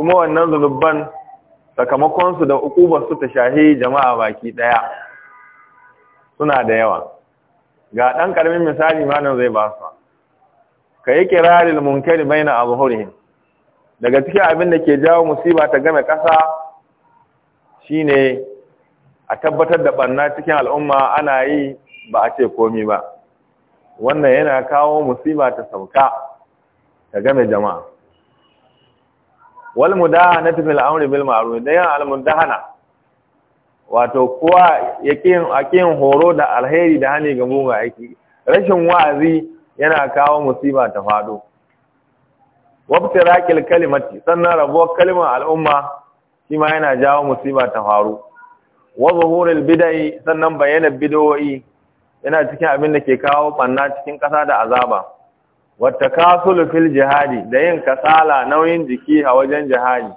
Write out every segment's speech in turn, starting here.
kuma wannan zunuban sakamakonsu da ukubarsu ta shahi jama'a baki ɗaya suna da yawa ga ɗan ƙaramin misali malam zai ba su ka yi kirarin munkari bai na daga cikin abin da ke jawo musiba ta game ƙasa shine a tabbatar da ɓanna cikin al'umma ana yi ba a ce komi ba wannan yana kawo musiba ta sauka ta game jama'a wal mudahana fil amri bil ma'ruf da yan al mudahana wato kowa yake akin horo da alheri da hani ga muga aiki rashin wa'azi yana kawo musiba ta fado wabtirakil kalimati sannan rabuwar kalimar al'umma shi ma yana jawo musiba ta faru wa zuhurul bidai sannan bayyana bid'o'i yana cikin abin da ke kawo banna cikin ƙasa da azaba wata kasulu fil jihadi da yin kasala nauyin jiki a wajen jihadi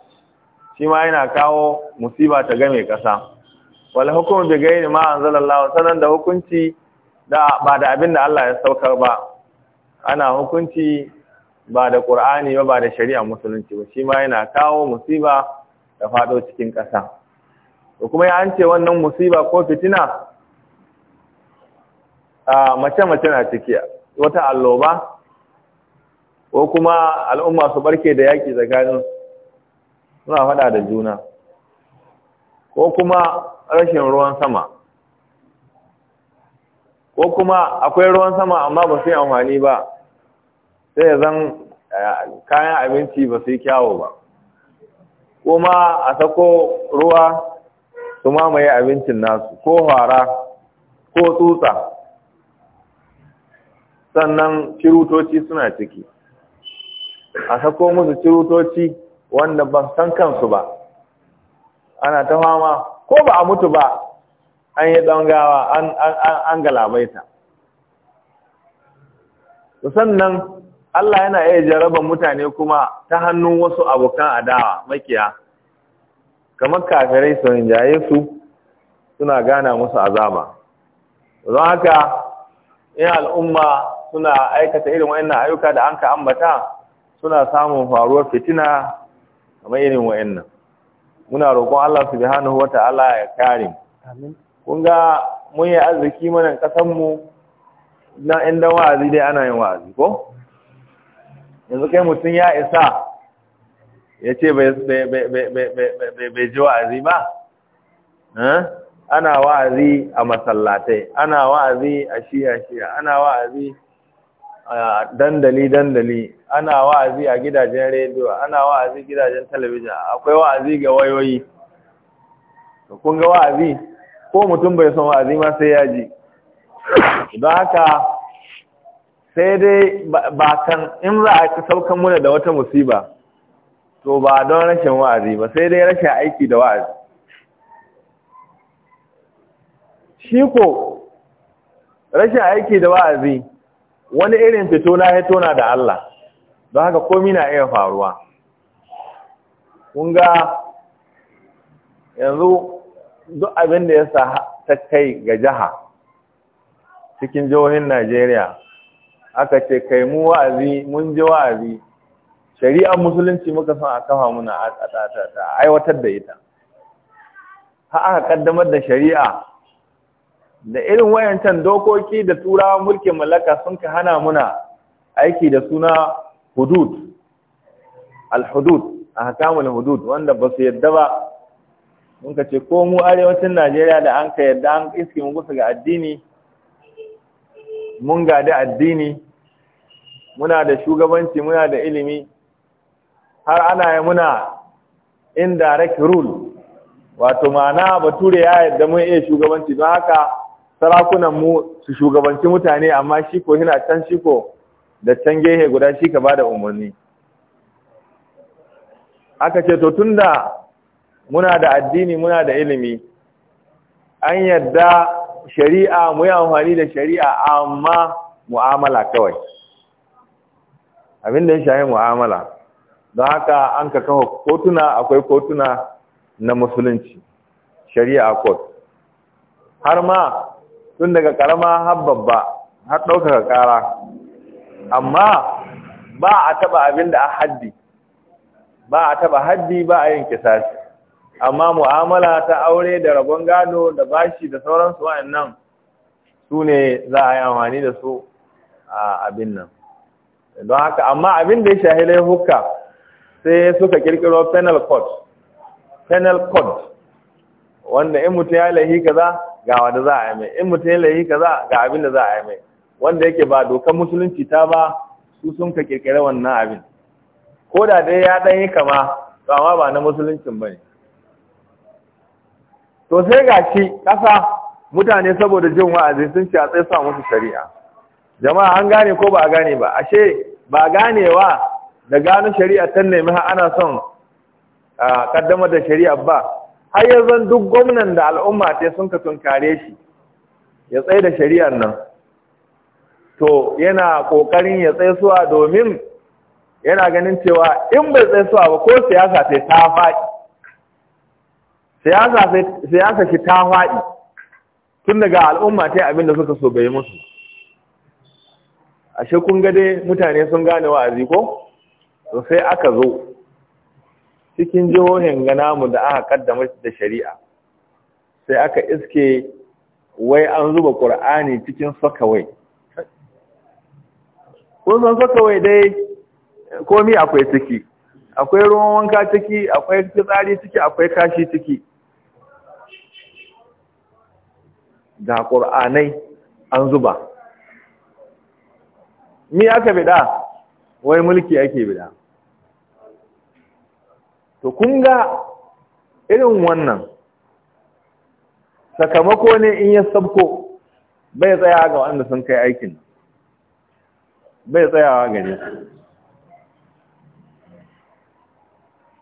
shi ma yana kawo musiba ta game kasa wal hukum bi ghairi ma anzalallahu sanan da hukunci da ba da abin da Allah ya saukar ba ana hukunci ba da qur'ani ba ba da shari'a musulunci ba shi ma yana kawo musiba da fado cikin kasa to kuma ya an ce wannan musiba ko fitina a mace mace na ciki wata alloba ko kuma al'umma su barke da yaƙi tsakanin suna faɗa da juna ko kuma rashin ruwan sama ko kuma akwai ruwan sama amma ba su yi amfani ba sai ya zan eh, kayan abinci ba su yi kyawo ba kuma a sako ruwa su mamaye abincin nasu ko hara ko tsutsa sannan shirutoci suna ciki a sako musu cirutoci wanda ban san kansu ba ana ta fama ko ba a mutu ba an yi dangawa an galabaita sannan Allah yana iya jaraban mutane kuma ta hannun wasu abokan adawa makiya kamar kafirai su rinjaye su suna gana musu azaba don haka ina al'umma suna aikata irin wa'annan ayyuka da an ka ambata suna samun faruwar fitina kamar irin wa'annan muna roƙon Allah subhanahu wata'ala ya kare kun ga mun yi arziki mana ƙasanmu mu na inda wa'azi dai ana yin wa'azi ko yanzu kai mutum ya isa ya ce bai ji wa'azi ba eh? ana wa'azi a masallatai ana wa'azi a shiya-shiya ana wa'azi dandali-dandali ana wa'azi a gidajen rediyo ana wa'azi gidajen talabijin akwai wa'azi ga wayoyi kun ga wa'azi ko mutum bai son wa'azi ma sai ya ji don haka sai dai ba kan in za a saukan muna da wata musiba to ba don rashin wa'azi ba sai dai rashin aiki da wa'azi shi ko rashin aiki da wa'azi wani irin fito na ya tona da Allah don haka komi na iya faruwa kunga yanzu duk abin da ya sa ta kai ga jiha cikin jihohin Najeriya aka ce kai mu wa'azi mun ji wa'azi shari'ar musulunci muka son a kafa muna a aiwatar da ita ha aka kaddamar da shari'a da irin wayancan dokoki da turawan mulkin mallaka sun ka hana muna aiki da suna hudud al-hudud ahkamul hudud wanda ba su yadda ba mun ka ce ko mu arewacin Najeriya da an ka yadda an iske mun gusa ga addini mun gadi addini muna da shugabanci muna da ilimi har ana yi muna indirect rule wato ma'ana bature ya yadda mun iya shugabanci don haka sarakunan mu su shugabanci mutane amma shi ko yana can shi ko da can gehe guda shi ka bada umarni aka ce to tunda muna da addini muna da ilimi an yarda shari'a mu yi amfani da shari'a amma mu'amala kawai abin ya shahi mu'amala don haka an ka kawo kotuna akwai kotuna na musulunci shari'a court har ma tun daga karama har babba har ɗaukaka ƙara amma ba a taɓa abin da a haddi ba a taɓa haddi ba a yin kisasi amma mu'amala ta aure da rabon gado da bashi da sauransu wa'annan su ne za a yi amfani da su a abin nan don haka amma abin da ya shahi laifuka sai suka kirkiro penal code penal code wanda in mutum ya laihi kaza ga wanda za a yi mai in mutum ya laihi kaza ga abin da za a yi mai wanda yake ba dokar musulunci ta ba su sun ka kirkire wannan abin ko da dai ya dan yi kama to amma ba na musuluncin bane to sai ga shi kasa mutane saboda jin wa'azi sun ce a tsaye sa musu shari'a jama'a an gane ko ba a gane ba ashe ba ganewa da gano shari'a ta nemi har ana son a kaddamar da shari'a ba har ya zan duk gwamnan da al'umma ta sun ka tunkare shi ya tsaye da shari'ar nan to yana ƙoƙarin ya tsaye suwa domin yana ganin cewa in bai tsaye suwa ba ko siyasa sai ta faɗi siyasa shi ta faɗi tun daga al'umma ta abin da suka so bai musu ashe kun ga dai mutane sun gane wa'azi ko sai aka zo cikin jihohin ga namu da aka kaddama da shari'a sai aka iske wai an zuba ƙur'ani cikin sakawai kun sakawai dai komi akwai ciki akwai ruwan wanka ciki akwai fitsari ciki akwai kashi ciki ga ƙur'anai an zuba ni aka bida wai mulki ake bida to kun ga irin wannan sakamako ne in ya sabko bai tsaya ga wanda sun kai aikin bai tsayawa gare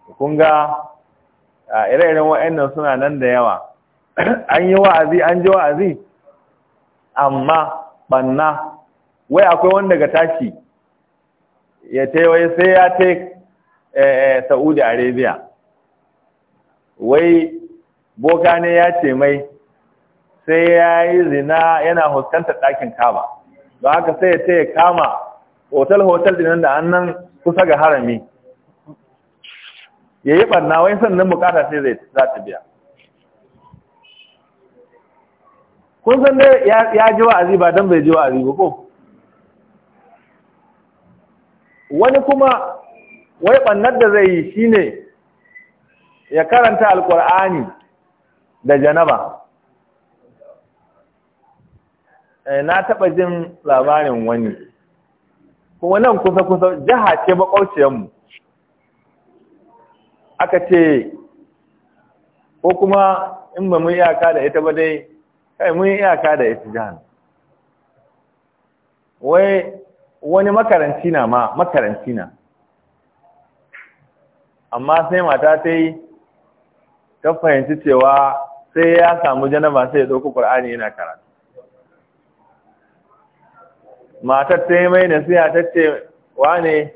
su kun ga ire-iren wa'annan suna nan da yawa an yi wa'azi an ji wa'azi amma banna wai akwai wanda ga tashi ya taiwaye sai ya tai Eh, eh, Saudi Arabia wai boka ne ya ce mai sai ya yi zina yana huskantar ɗakin kama ba haka sai ya ce ya kama hotel-hotel dinan da annan kusa ga harami ya yi ɓarna wai sannan bukata sai zai za ta biya kun san dai ya ji wa'azi ba don bai ji wa'azi ba ko wani kuma wai bannar da zai yi shi ne ya karanta alkur'ani da janaba eh, na taba jin labarin wani kuma nan kusa kusa jiha ce makwauciyarmu aka ce ko kuma in ba mun iyaka da ita ba dai kai mun iyaka da ita jihar wai wani makaranci na ma makaranci na amma sai mata ta yi ta fahimci cewa sai ya samu janaba sai ya ɗauki ƙwar'ani yana karatu matar ta yi mai nasiha ta ce wane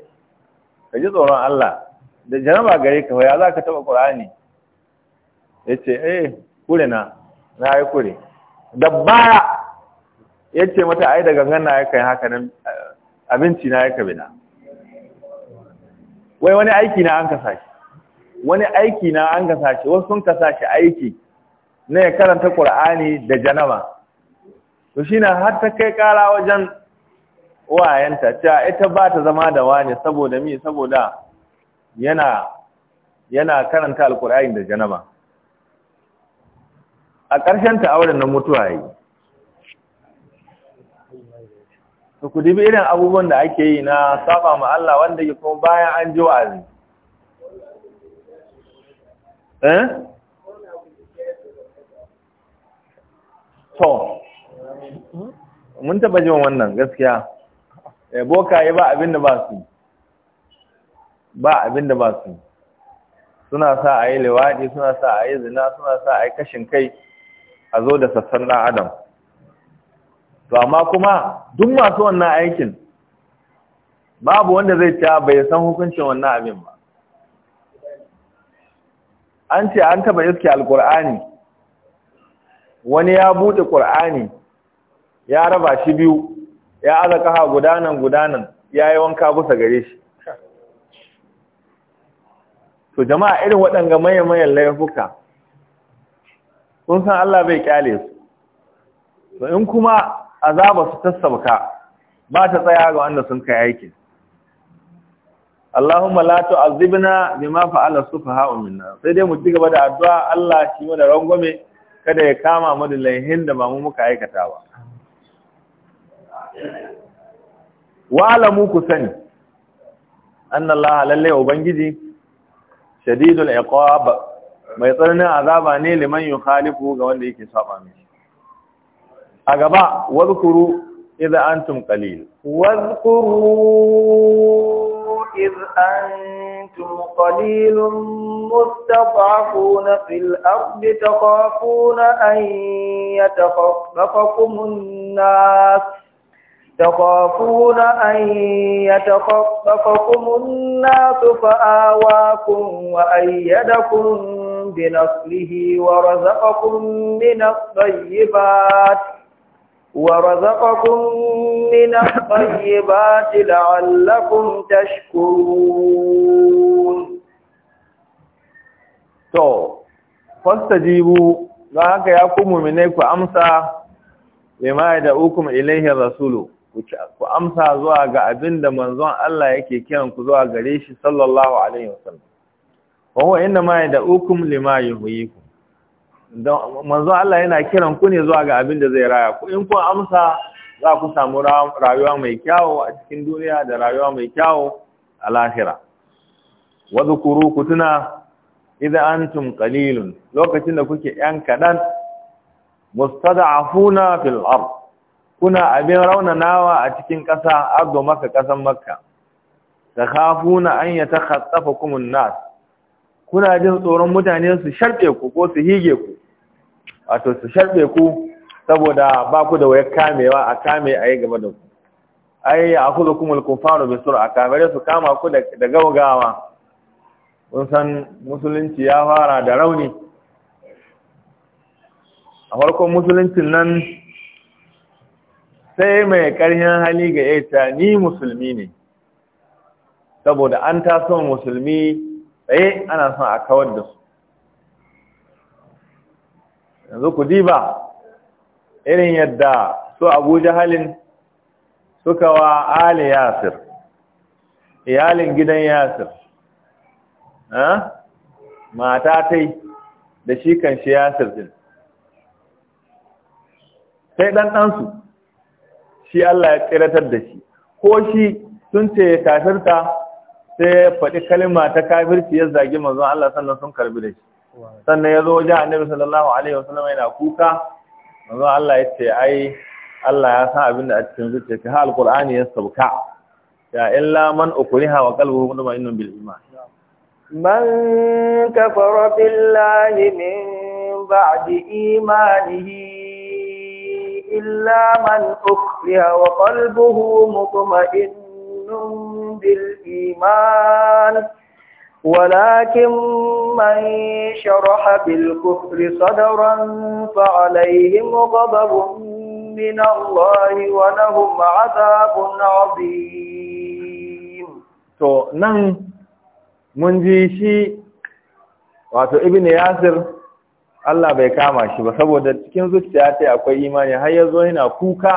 ka ji tsoron Allah da janaba gare ka ya za ka taɓa ƙwar'ani ya ce eh kure na na yi kure da baya ya ce mata ai da gangan na ya kai haka nan abinci na ya na. wai wani aiki na an kasa shi wani aiki na an kasa shi wasu sun kasa shi aiki na ya karanta Qur'ani da janaba to shine har ta kai kara wajen wayanta ta ita ba ta zama da wani saboda mi saboda yana karanta alkur'ani da Janama? a ƙarshen ta auren na mutuwa yi to ku dubi irin abubuwan da ake yi na saba ma Allah wanda ke kuma bayan an ji wa'azi eh to mun taba jin wannan gaskiya eh yi ba abin da ba su ba abin da ba su suna sa a yi liwaɗi suna sa a yi zina suna sa a yi kashin kai a zo da sassan ɗan adam to amma kuma duk masu wannan aikin babu wanda zai ta bai san hukuncin wannan abin ba an ce an taba iske alkur'ani wani ya bude qur'ani ya raba shi biyu ya aza kaha gudanan gudanan ya yi wanka bisa gare shi to jama'a irin waɗanga mayan-mayan laifuka sun san Allah bai kyale su to in kuma azaba su tasabka ba ta tsaya ga wanda sun kai aikin Allahumma la tu'azzibna bima fa'ala sufaha'u minna sai dai mu ci gaba da addu'a Allah shi da rangwame kada ya kama mu da laihin da ba mu muka aikata ba wa alamu ku sani anna Allah lalle ubangiji shadidul iqab mai tsananin azaba ne liman yukhalifu ga wanda yake saba mishi a gaba wadhkuru idza antum qalil wadhkuru إذ أنتم قليل مستضعفون في الأرض تخافون أن يتخففكم الناس تخافون أن يتخففكم الناس فآواكم وأيدكم بنصره ورزقكم من الطيبات ورزقكم من الطيبات لعلكم تشكرون to fastajibu don haka ya ku mu'minai ku amsa lima da ukum ilaihi rasulu ku amsa zuwa ga abinda manzon Allah yake kiran ku zuwa gare shi sallallahu alaihi wasallam wa huwa inma da ukum lima manzo Allah yana kiran ku ne zuwa ga abin da zai raya ku in ku amsa za ku samu rayuwa mai kyawo a cikin duniya da rayuwa mai kyawo a lahira wa ku kutuna idan antum qalilun lokacin da kuke yan kadan mustada'afuna fil ard kuna abin raunanawa a cikin ƙasa ardo maka ƙasan makka takhafuna an yatakhatafakum an-nas kuna jin tsoron mutane su sharbe ku ko su hige ku wato su sharbe ku saboda ba ku da wayar kamewa a kame a yi gaba da ku ai a kuzo mulku faru bi sura kamar su kama ku da gaugawa kun san musulunci ya fara da rauni a farkon musuluncin nan sai mai karyan hali ga ita ni musulmi ne saboda an taso musulmi tsaye ana son a kawar da su yanzu ku diba irin yadda su Abuja halin suka wa ali yasir iyalin gidan yasir mata ta da shi kan shi yasir din sai ɗanɗansu shi Allah ya tsiratar da shi ko shi sun ce kafirta sai ya faɗi kalima ta kafirci ya zagi manzon Allah sannan sun karbi da shi sannan ya zo wajen annabi sallallahu alaihi wasallam yana kuka manzon Allah ya ce ai Allah ya san abin da a cikin ka ha alqur'ani ya sauka ya illa man ukriha wa qalbuhu mutma'innun bil iman man kafara billahi min ba'di imanihi إلا من أكره kuma مطمئن مؤمن بالإيمان ولكن من شرح بالكفر صدرا فعليهم غضب من الله ولهم عذاب عظيم تو nan mun ji shi wato ibnu yasir Allah bai kama shi ba saboda cikin zuciya ta akwai imani har yazo yana kuka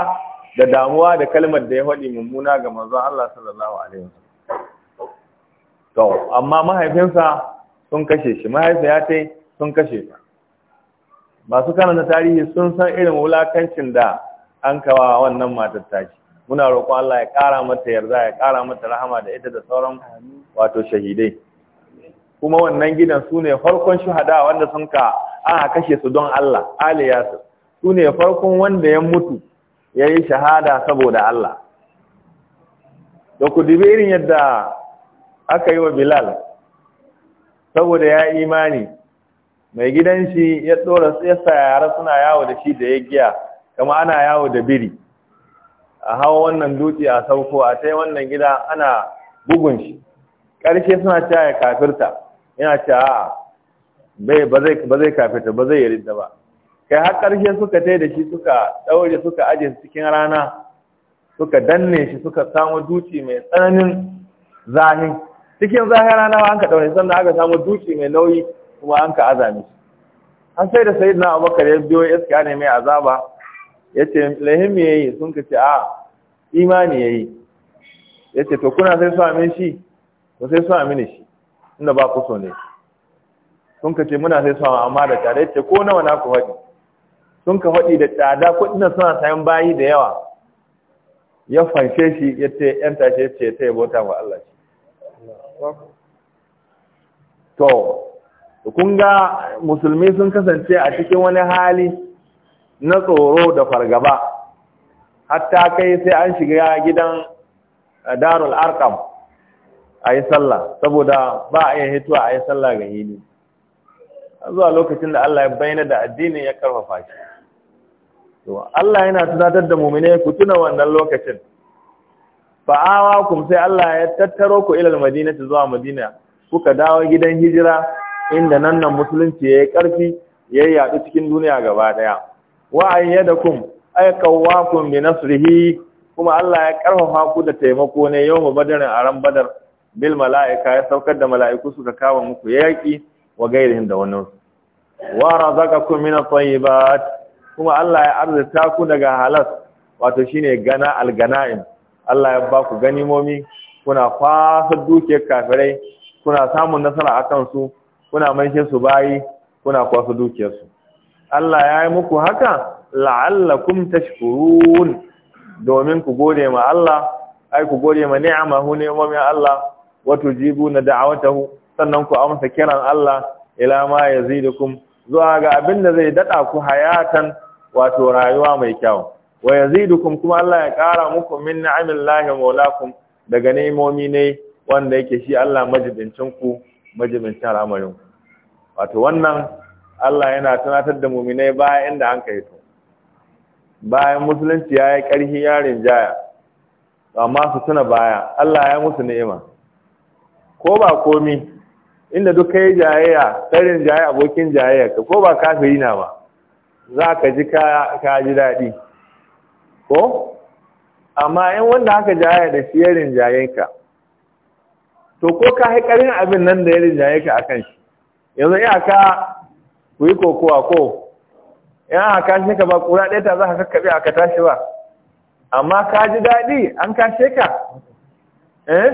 da damuwa da kalmar da ya faɗi mummuna ga manzon Allah sallallahu alaihi wasallam to amma mahaifinsa sun kashe shi ya ta sun kashe ta masu karanta tarihi sun san irin wulakancin da an kawa wannan matar tashi muna roƙon Allah ya ƙara mata yarda ya ƙara mata rahama da ita da sauran wato shahidai kuma wannan gidan su ne farkon shuhada wanda sun ka aka kashe su don Allah ali su ne farkon wanda ya mutu ya yi shahada saboda Allah da ku irin yadda aka yi wa bilal saboda ya yi imani mai gidan shi ya tsora ya sa yara suna yawo da shi da ya giya kama ana yawo da biri a hawa wannan dutse a sauko a ta wannan gida ana bugun shi ƙarshe suna cewa ya kafirta yana cewa ba zai kafirta ba zai yarda ba kai har ƙarshe suka tai da shi suka ɗaure suka aje cikin rana suka danne shi suka samu duci mai tsananin zahi cikin zahin rana an ka ɗaure sannan aka samu duci mai nauyi kuma an ka azami an sai da sayyidina abubakar ya biyo iska ne mai azaba ya ce lahim ya yi sun ka ce a imani ya yi ya ce to kuna sai su amin shi to sai su amini shi inda ba ku so ne sun ka ce muna sai su amma da tare ya ce ko nawa na ku faɗi sun ka faɗi da tsada kuɗin suna sayan bayi da yawa ya fanshe shi ya ce ‘yan tashe ce ta yi bauta wa Allah To, kun ga musulmi sun kasance a cikin wani hali na tsoro da fargaba, hatta kai sai an shiga gidan eh, darul arkam a yi sallah, saboda ba a iya hituwa a yi sallah ga hili. zuwa lokacin da Allah ya bayyana da addinin ya karfafa shi Allah yana tunatar da mu'mine ku tuna wannan lokacin fa'awa kum sai Allah ya tattaro ku ilal ta zuwa madina kuka dawo gidan hijira inda nan nan musulunci yayi karfi yayi yadu cikin duniya gaba ɗaya. wa ayyadakum ay qawwakum bi nasrihi kuma Allah ya karfafa ku da taimako ne yau mu a ran badar bil mala'ika ya saukar da mala'iku suka kawo muku yaki wa gairihin da wannan wa razaqakum min at-tayyibat kuma Allah ya arzuta ku daga halas wato shine gana al-ganaim Allah ya baku ku ganimomi kuna kwasa dukiyar kafirai kuna samun nasara akan su kuna manshin su bayi kuna kwasa dukiyar su Allah ya yi muku haka la'allakum tashkurun domin ku gode ma Allah ai ku gode ma ni'amahu ni'amamin Allah wa tujibuna hu? sannan ku amsa kiran Allah ila ma yazidukum zuwa ga abin da zai dada ku hayatan wato rayuwa mai kyau wa yazidukum kuma Allah ya kara muku min ni'amillahi maulakum daga nemomi ne wanda yake shi Allah majibincin ku majibincin al'amarin wato wannan Allah yana tunatar da mu'minai bayan inda an kai to bayan musulunci ya yi karhi ya rinjaya amma su tuna baya Allah ya musu ni'ima ko ba komi inda duk kai jayayya tsarin jaye abokin jayayya ka ko ba kafiri na ba za ka ji ka ji daɗi ko amma in wanda haka jayayya da shi ya rinjaye to ko ka haƙarin abin nan da ya rinjaye a kan shi yanzu iya ka ku yi kokowa ko in aka kashe ka ba kura ɗaya ta za ka kakkaɓe aka tashi ba amma ka ji daɗi an kashe ka eh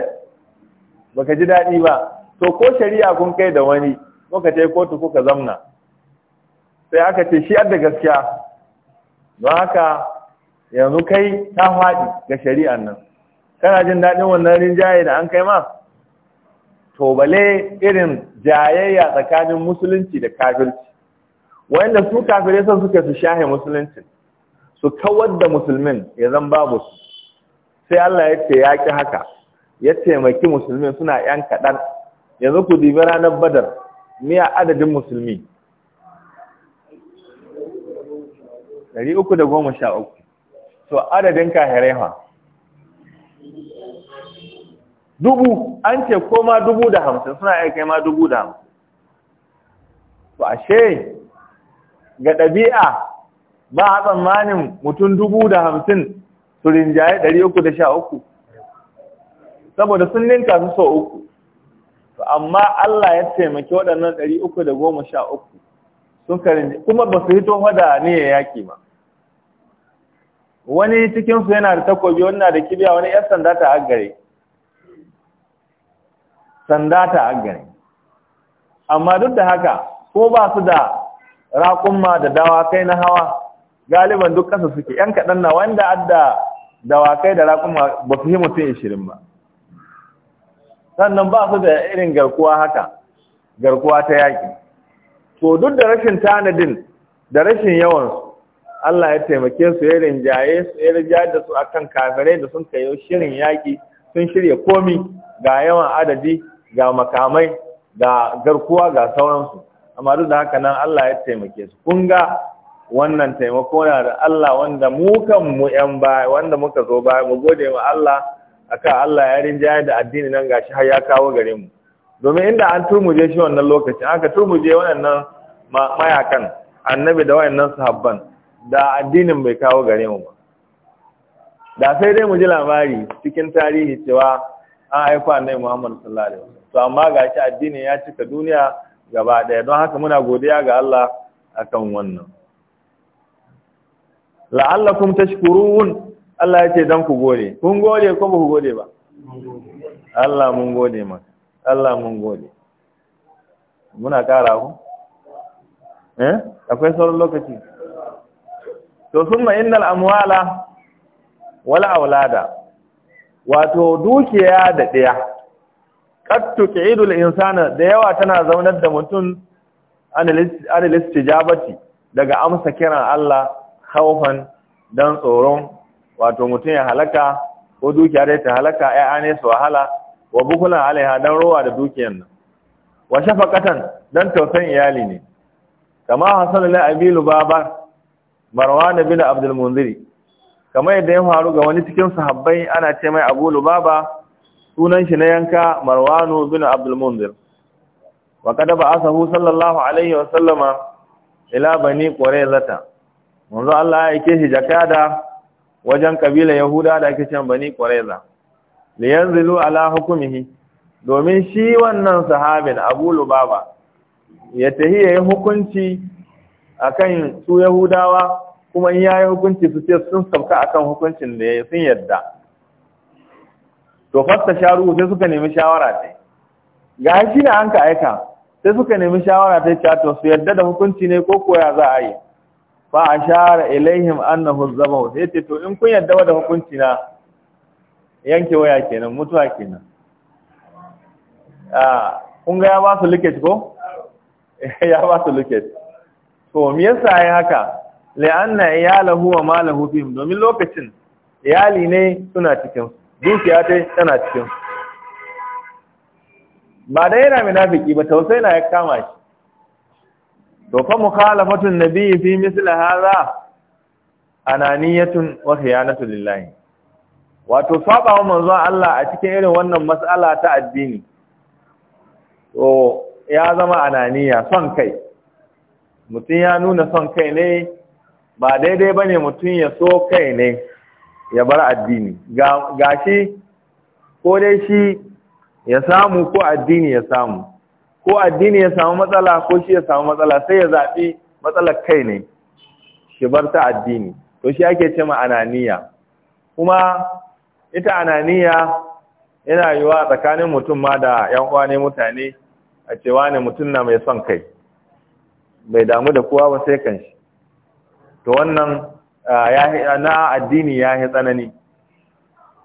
ka ji daɗi ba to ko shari'a kun kai da wani kuka je kotu kuka zamna sai aka ce shi da gaskiya don haka yanzu kai ta faɗi ga shari'an nan kana jin daɗin wannan rinjaye da an kai ma to bale irin jayayya tsakanin musulunci da kafirci wanda su kafirai sun suke su shahe musulunci su kawar da musulmin ya zan babu su sai Allah ya ce ya ki haka ya taimaki musulmin suna yan kaɗan yanzu ku dibi ranar badar miya adadin musulmi 313 to adadin kahirai ha dubu an ce ko ma dubu da hamsin suna iya kai ma dubu da hamsin to ashe ga ɗabi'a ba a tsammanin mutum dubu da hamsin su rinjaye dari uku da sha uku saboda sun ninka su so uku to amma Allah ya taimaki waɗannan ɗari uku da goma sha uku sun karin kuma ba su hito hada ne ya yaƙi ba wani cikinsu yana da takobi wani na da kibiya wani ‘yan sanda ta aggare sanda ta aggare amma duk da haka ko ba su da raƙumma da dawakai na hawa galiban duk ƙasa suke ‘yan kaɗan na wanda adda dawakai da raƙumma ba su yi mutum ishirin ba sannan ba su da irin garkuwa haka garkuwa ta yaƙi to duk da rashin tanadin da rashin yawansu Allah ya taimake su ya rinjaye su ya rinjaye da su akan kafirai da sun kayo shirin yaƙi sun shirya komi ga yawan adadi ga makamai ga garkuwa ga sauransu amma duk da haka nan Allah ya taimake su kun ga wannan taimako na da Allah wanda mu kan mu yan baya wanda muka zo baya mu gode wa Allah akan Allah ya rinjaya da addini nan gashi har ya kawo gare mu domin inda an turmuje shi wannan lokacin aka turmuje waɗannan mayakan annabi da waɗannan sahabban da addinin bai kawo gare mu ba da sai dai mu ji labari cikin tarihi cewa an aiko annabi Muhammad sallallahu alaihi wasallam to amma gashi addinin ya cika duniya gaba ɗaya don haka muna godiya ga Allah akan wannan la'allakum tashkurun Allah ya ce dan ku gode kun gode ko ba ku gode ba Allah mun gode ma, Allah mun gode muna ƙara ku eh akwai sauran lokaci to summa innal amwala wala aulada wato dukiya da ɗaya kattu qidul insana da yawa tana zaunar da mutum an jabati daga amsa kiran Allah haufan dan tsoron wato mutum ya halaka ko dukiya dai ta halaka ya'ya ne su wahala wa bukulan alaiha dan rowa da dukiyan nan wa shafaqatan dan tausayin iyali ne kama hasala la abilu baba marwan bin abdul munziri kama yadda ya faru ga wani cikin sahabbai ana ce mai abu lubaba sunan shi na yanka marwanu bin abdul munzir wa kada asahu sallallahu alaihi wa sallama ila bani qurayzata manzo Allah ya aike shi jakada wajen kabila yahuda da ake cewa bani Qurayza li yanzilu ala hukmihi domin shi wannan sahabin abu lubaba ya tahi hukunci akan su yahudawa kuma in yayi hukunci su ce sun sauka akan hukuncin da yayi sun yadda to fasta sharu sai suka nemi shawara ta ga shi da an ka aika sai suka nemi shawara ta cewa to su yadda da hukunci ne ko koya za a yi fa ashara ilayhim annahu zabahu sai ce to in kun yadda da hukunci na yanke waya kenan mutuwa kenan ah kun ga ya ba su liket ko ya ba su liket to me yasa yi haka la'anna iyalahu wa malahu fihim domin lokacin iyali ne suna cikin dukiya ta tana cikin ba da yana munafiki ba tausayi na ya kama shi to fa mukhalafatun nabiyyi fi misli hadha ananiyatun wa khiyanatu lillahi wato saba wa manzon Allah a cikin irin wannan mas'ala ta addini to ya zama ananiya son kai mutum ya nuna son kai ne ba daidai bane ne mutum ya so kai ne ya bar addini ga ko dai shi ya samu ko addini ya samu ko addini ya samu matsala ko shi ya samu matsala sai ya zaɓi matsalar kai ne shi bar ta addini to shi ake ce ma ananiya kuma ita ananiya yana yiwa tsakanin mutum ma da yan uwa ne mutane a cewa ne mutum na mai son kai bai damu da kowa ba sai kan shi to wannan na addini ya yi tsanani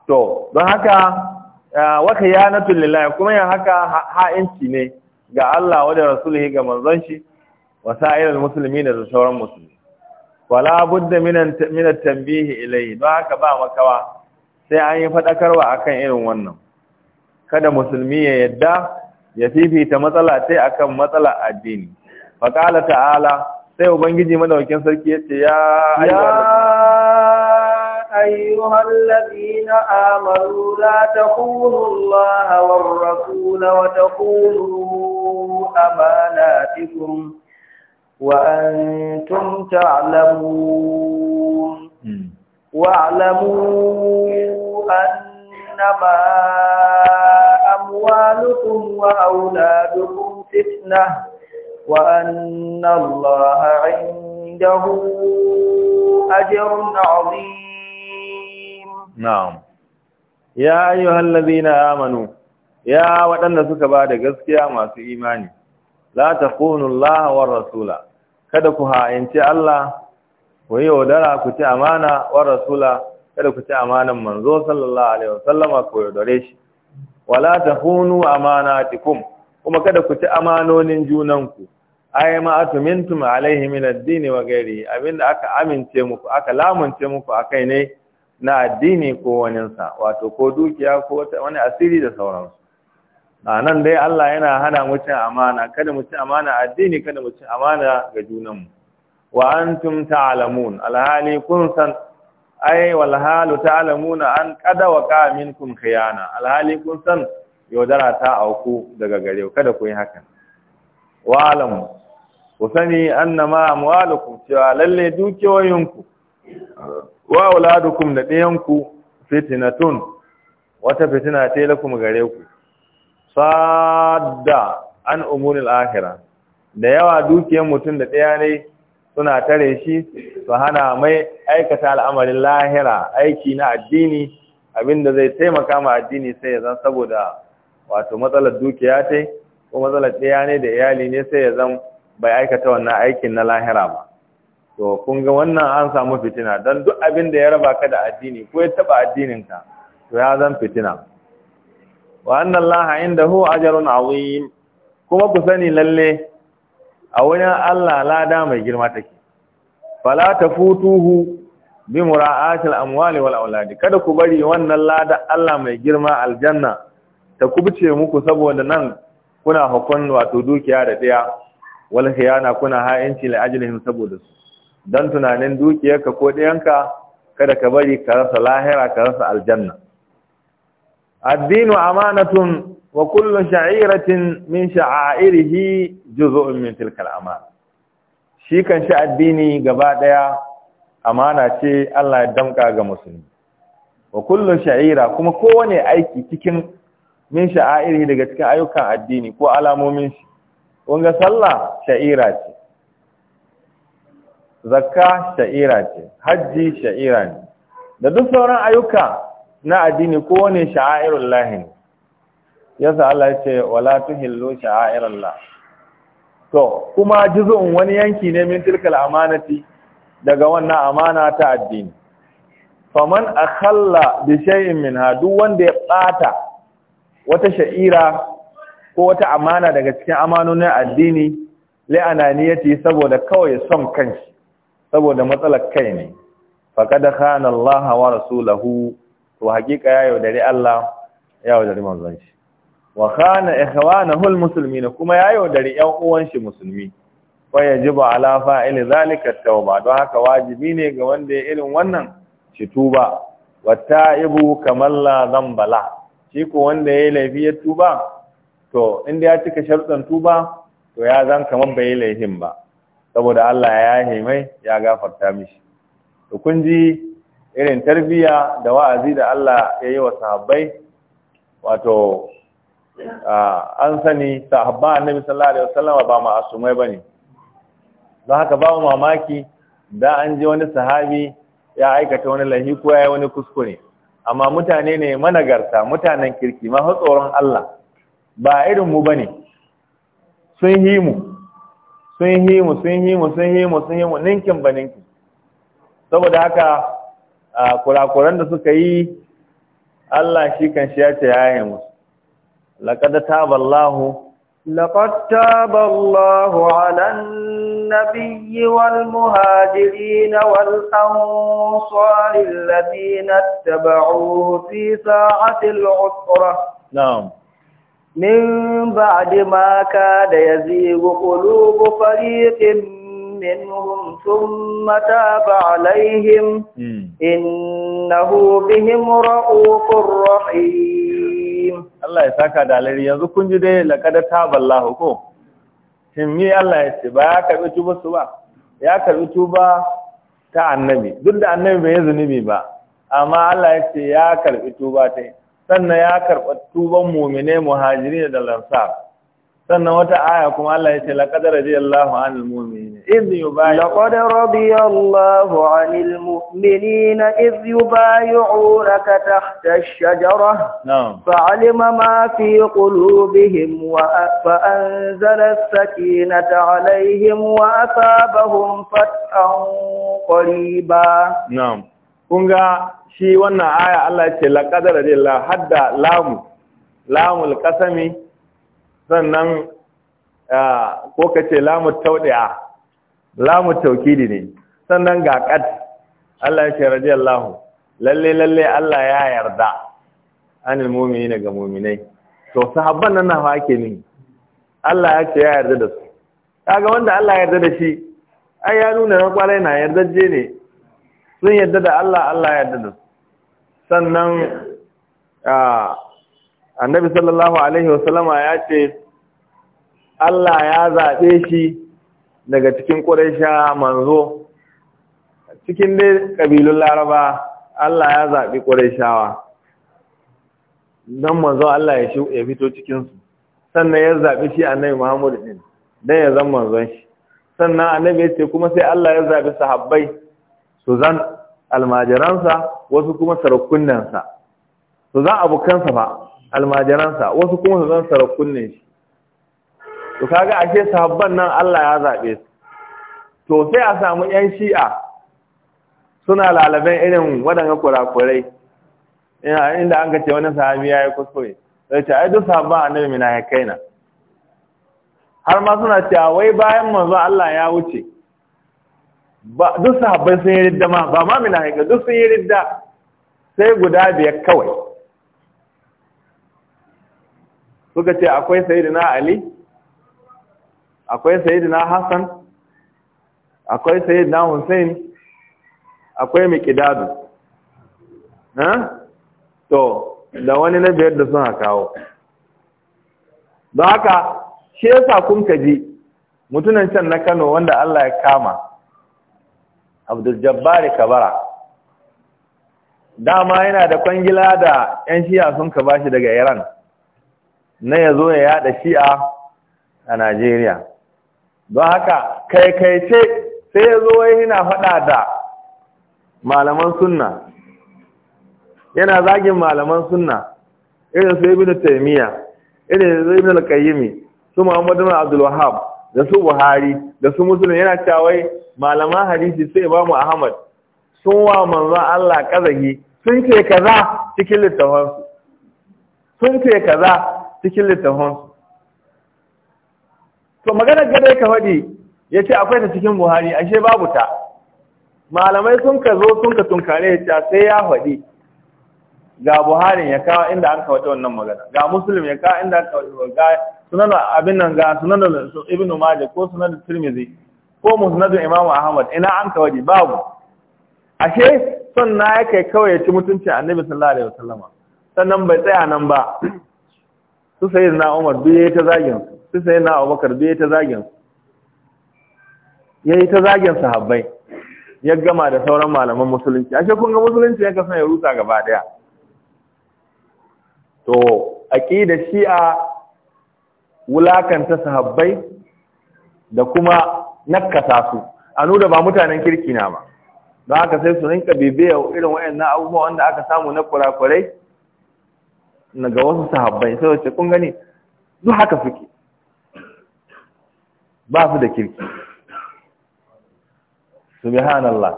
to don haka waka ya na lillahi kuma yin haka ha'inci ne ga Allah wa da rasulihi ga manzon shi wa sa'irul muslimin da sauran musulmi wala budda minan min at-tanbih ilayhi ba haka ba makawa sai an yi fadakarwa akan irin wannan kada musulmi ya yadda ya fifita matsala sai akan matsala addini fa qala ta'ala sai ubangiji madaukin sarki yace ya ayyuhal أيها الذين آمنوا لا تخونوا الله والرسول وتخونوا أماناتكم وأنتم تعلمون واعلموا أنما أموالكم وأولادكم فتنة وأن الله عنده أجر عظيم na'am ya ayyuhal ladina amanu ya waɗanda suka ba da gaskiya masu imani la taqunu Allah war rasula kada ku hayanci Allah ku yi yaudara ku ci amana war rasula kada ku ci amanan manzo sallallahu alaihi wasallama ku yaudare shi wala taqunu amanatikum kuma kada ku ci amanonin junanku ay ma atumintum alaihi min ad-din wa ghairihi abinda aka amince muku aka lamunce muku akai ne na addini ko waninsa wato ko dukiya ko wani asiri da sauransu a nan dai Allah yana hana mu cin amana kada mu cin amana addini kada mu cin amana ga junanmu wa antum ta'lamun alhali kun san ai wal halu ta'lamuna an qada wa qa minkum khiyana alhali kun san yaudara ta auku daga gare ku kada ku yi hakan wa alam ku sani annama amwalukum cewa lalle dukiyoyinku wa auladukum da ɗayanku fitnatun wata fitina ce lakum gare ku sadda an umuril akhirah da yawa dukiyar mutum da ɗaya ne suna tare shi su hana mai aikata al'amarin lahira aiki na addini abinda zai taimaka ma addini sai ya saboda wato matsalar dukiya ce ko matsalar ɗaya ne da iyali ne sai ya zan bai aikata wannan aikin na lahira ba to kun ga wannan an samu fitina don duk abin da ya raba ka da addini ko ya taba addininka to ya zan fitina wa annan laha inda hu ajarun azim kuma ku sani lalle a wurin Allah lada mai girma take fala tafutuhu bi mura'atil amwali wal auladi kada ku bari wannan lada Allah mai girma aljanna ta kubuce muku saboda nan kuna hukun wato dukiya da daya wal khiyana kuna ha'inci la ajlihim saboda su don tunanin dukiyarka ko ɗayanka kada ka bari ka rasa lahira ka rasa aljanna addinu amanatun wa kullu sha'iratin min sha'airihi juz'un min tilka amana shi kan shi addini gaba ɗaya amana ce Allah ya damka ga musulmi wa kullu sha'ira kuma kowane aiki cikin min sha'airihi daga cikin ayyukan addini ko alamomin shi kun ga sallah sha'ira ce zakka sha'ira ce hajji sha'ira ne da duk sauran ayyuka na addini ko kowane sha'airul lahi yasa Allah ya ce wala tuhillu sha'airul lah to kuma juz'un wani yanki ne min tilkal amanati daga wannan amana ta addini faman akhalla bi shay'in minha duk wanda ya bata wata sha'ira ko wata amana daga cikin amanonin addini la'ananiyati saboda kawai son kanshi saboda matsalar kai ne faqad khana Allah wa rasulahu to hakika ya yaudari Allah ya yaudari manzon shi wa khana ikhwanahu almuslimin kuma ya yaudari yan uwan shi musulmi fa yajibu ala fa'il zalika tawba don haka wajibi ne ga wanda ya irin wannan shi tuba wa ta'ibu kamal la dhanbala shi ko wanda ya laifi ya tuba to inda ya cika sharuɗan tuba to ya zan kamar bai laifin ba saboda Allah ya yahe mai ya gafarta mishi to kun ji irin tarbiya da wa'azi da Allah ya yi wa sahabbai wato an sani sahabba annabi sallallahu alaihi wasallam ba ma ba bane don haka ba mamaki da an ji wani sahabi ya aikata wani lahi ko ya yi wani kuskure amma mutane ne managarta mutanen kirki ma tsoron Allah ba irin mu bane sun yi mu sun yi mu sun yi mu sun yi mu sun yi mu ninkin ba ninkin saboda haka kurakuran da suka yi Allah shi kan shi ya ce ya yi musu laqad taballahu لقد تاب الله على النبي والمهاجرين والأنصار الذين اتبعوه في ساعة العسرة نعم من بعد ما كاد يزيغ قلوب فريق منهم ثم تاب عليهم إنه بهم رؤوف رحيم الله يساك دالري yanzu kun ji dai laqad taballahu ko himmi Allah ya ce ba ya karbi tuba su ba ya karbi tuba ta annabi duk da annabi bai zunubi ba amma Allah ya ce ya karbi tuba ta sannan ya karɓa tuban mu'mine muhajiri da lansar sannan wata aya kuma Allah ya ce laqad radiyallahu 'anil mu'minina idh yubay'u laqad radiyallahu 'anil mu'minina idh yubay'unaka tahta ash-shajara fa'alima ma fi qulubihim wa fa'anzala as-sakinata 'alayhim wa asabahum fathan qariba na'am kunga shi wannan aya Allah ya ce laqadar lillah hadda lamu lamul qasami sannan ko kace lamu tawdi'a lamu tawkidi ne sannan ga qad Allah ya ce radiyallahu lalle lalle Allah ya yarda anil mu'minina ga mu'minai to sahabban nan nawa ake ni Allah ya ce ya yarda da su kaga wanda Allah ya yarda da shi ai ya nuna na kwalai na yarda je ne sun yadda da Allah Allah yadda da su sannan annabi sallallahu alaihi wasallama ya ce Allah ya zaɓe shi daga cikin ƙuraisha manzo cikin dai ƙabilun laraba Allah ya zaɓi ƙuraishawa don manzo Allah ya ya fito cikinsu sannan ya zaɓi shi annabi Muhammadu ɗin don ya zama manzon shi sannan annabi ya ce kuma sai Allah ya zaɓi sahabbai su zan almajiransa wasu kuma sarakunansa su zan abokansa ba, almajiransa wasu kuma su zan sarakunan shi to kaga ashe sahabban nan Allah ya zabe su to sai a samu yan shi'a suna lalaben irin waɗanga kurakurai inda an gace ce wani sahabi ya yi kuskure sai ce ai duk sahabban annabi mina ya kaina har ma suna cewa wai bayan manzo Allah ya wuce ba duk sahabbai sun yi ridda ma ba ma mina haika duk sun yi ridda sai guda biyar kawai suka ce akwai sayidina ali akwai sayidina hassan akwai sayidina hussein akwai miqdadu ha to da wani na biyar da suna kawo don haka shi yasa kun kaji mutunan can na Kano wanda Allah ya kama abdul jabbar kabara dama yana da kwangila da yan shi'a sun ka bashi daga iran na ya zo ya yada shi'a a najeriya don haka kaikaice sai ya zo yana faɗa da malaman sunna yana zagin malaman sunna irin su ibn taymiya irin su ibn al-qayyim su muhammadu abdul wahhab da su buhari da su musulun yana cawai malaman hadisi sai ba mu ahmad sun wa manzon allah kazahi sun ce kaza cikin littafin sun ce kaza cikin littafin to maganar gare ka faɗi ya ce akwai ta cikin buhari ashe babu ta malamai sun ka zo sun ka tunkare ya sai ya faɗi ga buhari ya kawo inda an kawo wannan magana ga muslim ya kawo inda aka kawo ga sunan abin nan ga sunan ibnu majah ko sunan tirmizi ko musnad imam ahmad ina an kawo ji babu ashe son na yake kawai ya ci mutuncin annabi sallallahu alaihi wasallama sannan bai tsaya nan ba su sai na umar biye ta zagin su sai na abubakar biye ta zagin yayi ta zagin sahabbai ya gama da sauran malaman musulunci ashe kun ga musulunci ya kasance ya rusa gaba daya to aqida shi'a wulakanta sahabbai da kuma nakkasa su anu da ba mutanen kirki na ba don haka sai su rinka bibiya irin wayannan abubuwa wanda aka samu na kurakurai ga wasu sahabbai sai wace kun gani duk haka suke ba su da kirki subhanallah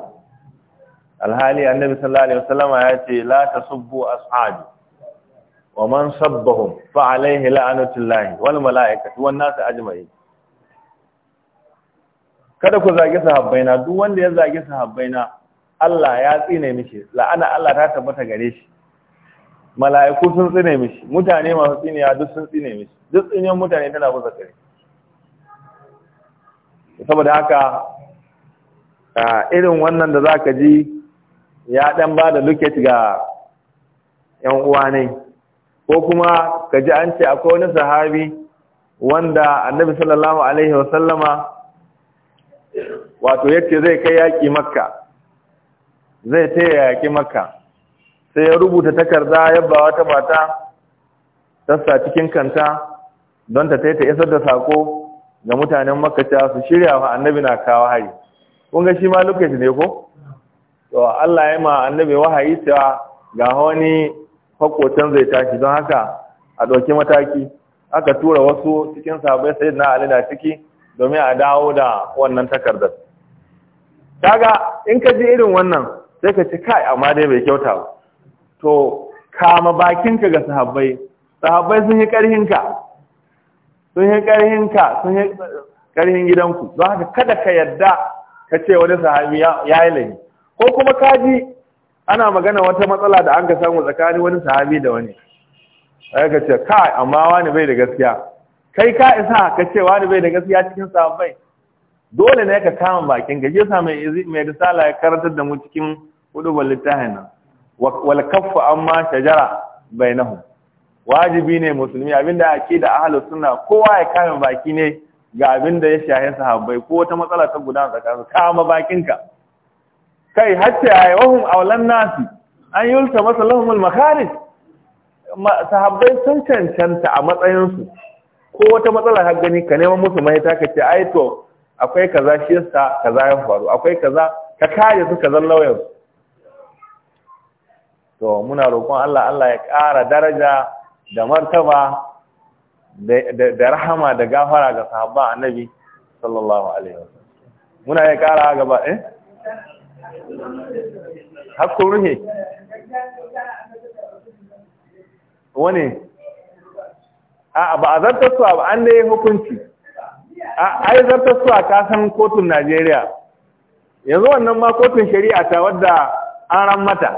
alhali annabi sallallahu alaihi wasallama ya ce la tasubbu ashabi wa man sabbahum fa alaihi la'anatullahi wal mala'ikati wan nas ajma'in kada ku zagi sahabbaina duk wanda ya zagi sahabbaina Allah ya tsine mishi la'ana Allah ta tabbata gare shi mala'iku sun tsine mishi mutane masu tsiniya duk sun tsine mishi duk tsinyen mutane tana kusa kare saboda haka irin wannan da za ka ji ya ɗan ba da ga ‘yan uwa ne ko kuma ka ji an ce akwai wani sahabi wanda annabi sallallahu alaihi wasallama wato yake zai kai yaƙi makka zai taya yaƙi makka sai ya rubuta takarda ya ba wata mata cikin kanta don ta taita isar da sako ga mutanen makka cewa su shirya wa annabi na kawo hari kun ga shi ma lokaci ne ko to Allah ya ma annabi wahayi cewa ga wani makotan zai tashi don haka a ɗauki mataki aka tura wasu cikin sabai sai na alida ciki domin a dawo da wannan takardar kaga in ka ji irin wannan sai ka ci kai amma dai bai kyauta ba to kama bakinka ga sahabbai sahabbai sun yi ƙarhinka sun yi sun yi ƙarhin gidanku don haka kada ka yarda ka ce wani sahabi ya yi lahi ko kuma ka ji ana magana wata matsala da an ka samu tsakanin wani sahabi da wani sai ka ce kai amma wani bai da gaskiya kai ka isa ka ce wani bai da gaskiya cikin sahabbai dole ne ka kama bakin ka yasa mai mai risala ya karantar da mu cikin hudu littafin nan wal kaffu amma shajara bainahum wajibi ne musulmi abinda ake da ahlus sunna kowa ya kama baki ne ga abinda ya shahe sahabbai ko wata matsala ta gudana tsakanin kama bakin ka kai hatta ya wahum aulan nasi an yulta masa lahumul makarij sahabbai sun cancanta a matsayinsu ko wata matsala har gani ka neman musu mahita ka ce ai to akwai kaza shi yasa kaza ya faru akwai kaza ka kaje su kazan lauyan to muna roƙon Allah Allah ya ƙara daraja da martaba da rahama da gafara ga sahabba annabi sallallahu alaihi wasallam muna ya ƙara gaba eh Hakkun ruhe wani a ba a zartarsuwa ba an da ya hukunci a yi a kasan kotun najeriya yanzu wannan ma kotun shari'a ta wadda an ran mata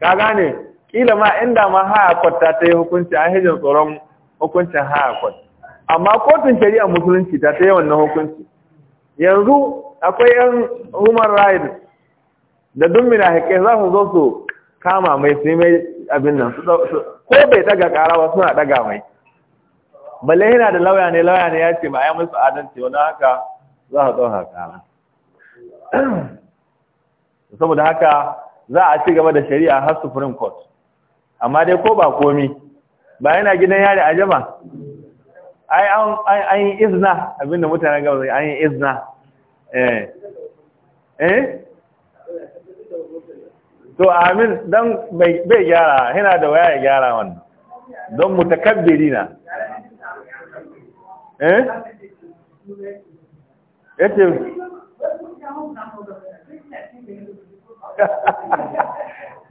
ka gane kila ma inda ma haya kwata ta yi hukunci a hijin tsoron hukuncin haya kwata amma kotun shari'a musulunci ta ta yi wannan hukunci yanzu akwai yan human rights da dummina munafikai za su zo su kama mai su mai abin nan ko bai daga ƙara ba suna daga mai balle yana da lauya ne lauya ne ya ce ma a yi musu adalci wani haka za su ɗauka ƙara saboda haka za a ci gaba da shari'a har supreme court amma dai ko ba komi ba yana gidan yari a jama ai an yi izna abinda mutane gaba an yi izna eh, eh? to amin dan bai gyara yana da waya ya gyara wannan don mutakabbiri na eh ce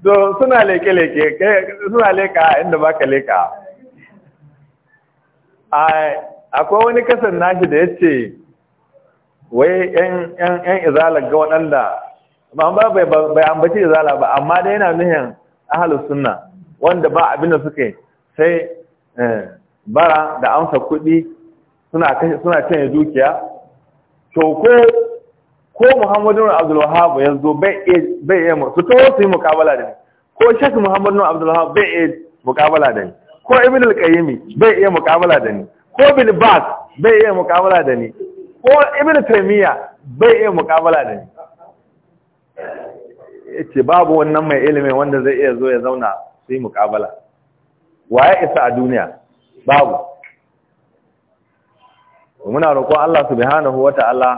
to suna leke leke suna leka inda baka leka akwai wani kasan nashi da yace wai yan yan yan izalar ga waɗanda ba ba bai ambaci da zala ba amma dai yana nuhin ahalus sunna wanda ba suke sai eh, bara da amsa kuɗi suna kashe dukiya ko ko Muhammadu ya zo bai iya su su yi mukabala da ni ko Sheikh Muhammadu Abdul bai iya mukabala da ni ko Ibn al bai ce babu wannan mai ilimi wanda zai iya zo ya zauna su yi mukabala waye isa a duniya babu muna roƙon Allah subhanahu wata'ala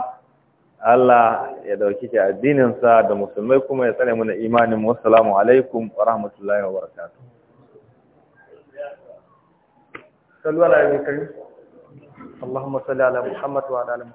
Allah ya dauki ki addinin sa da musulmai kuma ya tsare mu imanin mu assalamu alaikum wa rahmatullahi wa barakatuh sallu ala nabi karim اللهم صل على محمد وعلى ال